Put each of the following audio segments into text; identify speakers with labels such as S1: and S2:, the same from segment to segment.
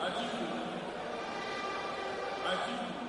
S1: 아직 아직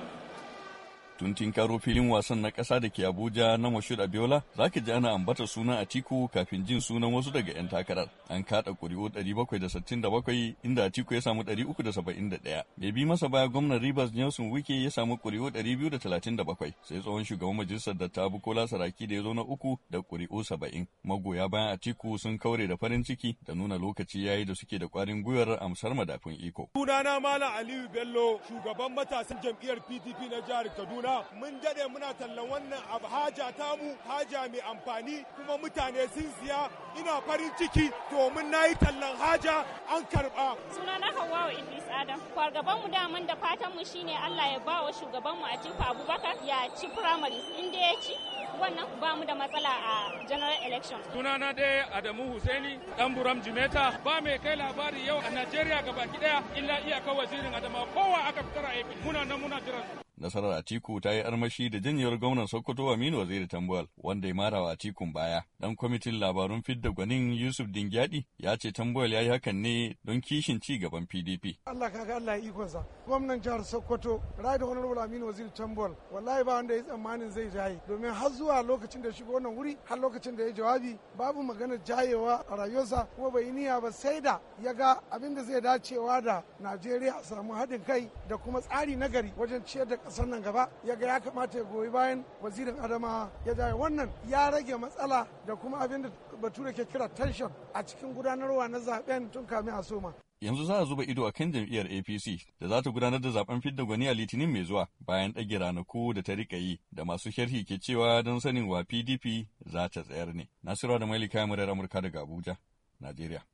S2: tuntun karo filin wasan na kasa da ke Abuja na Mashud Abiola za ki ji ana ambata suna a tiku kafin jin sunan wasu daga 'yan takarar. An kaɗa ƙuri'u 767 inda tiku ya samu 371. Mai bi masa baya gwamnan Rivers Nelson Wike ya samu ƙuri'u 237 sai tsohon shugaban majalisar ta Bukola Saraki da ya zo na uku da ƙuri'u 70. Magoya bayan a tiku sun kaure da farin ciki da nuna lokaci ya yi da suke da ƙwarin gwiwar amsar madafun iko.
S1: Sunana Malam Aliyu Bello shugaban matasan jam'iyyar PDP na jihar Kaduna cewa mun dade muna tallan wannan abu haja tamu haja mai amfani kuma mutane sun siya ina farin ciki domin na yi tallan haja an karba.
S3: Sunana wa Idris Adam. Fargaban mu daman da fatan mu shine Allah ya ba wa shugaban mu a Atiku Abubakar ya ci in da ya ci wannan ba mu da matsala a general election.
S4: Sunana dai Adamu Husaini dan Buram Jimeta ba mai kai labari yau a Najeriya gaba daya illa iyaka wazirin Adama kowa aka fitar a muna nan muna jiran
S2: Nasarar Atiku ta yi armashi da janyewar gwamnan Sokoto Aminu Waziri Tambuwal wanda ya marawa Atikun baya. Dan kwamitin labarun fidda gwanin Yusuf Dingyadi ya ce Tambuwal ya yi hakan ne don kishin ci gaban PDP.
S5: Allah kaga Allah ya ikonsa. Gwamnan jihar Sokoto Rai da Honorable Aminu Waziri Tambuwal wallahi ba wanda ya tsammanin zai jaye domin har zuwa lokacin da shiga wannan wuri har lokacin da ya jawabi babu magana jayewa a rayuwarsa kuma bai niyya ba sai da ya ga abin da zai dacewa da Najeriya a samu haɗin kai da kuma tsari nagari wajen ciyar da kasar nan gaba ya ga ya kamata ya goyi bayan wazirin adama ya jaye wannan ya rage matsala da kuma abin da bature ke kira tension a cikin gudanarwa na zaben tun kamin a soma
S2: yanzu za a zuba ido a kan jam'iyyar APC da za ta gudanar da zaben fidda gwani a Litinin mai zuwa bayan ɗage ranaku da ta rika yi da masu sharhi ke cewa don sanin wa PDP za ta tsayar ne. Nasiru da Malika Murar Amurka daga Abuja, Najeriya.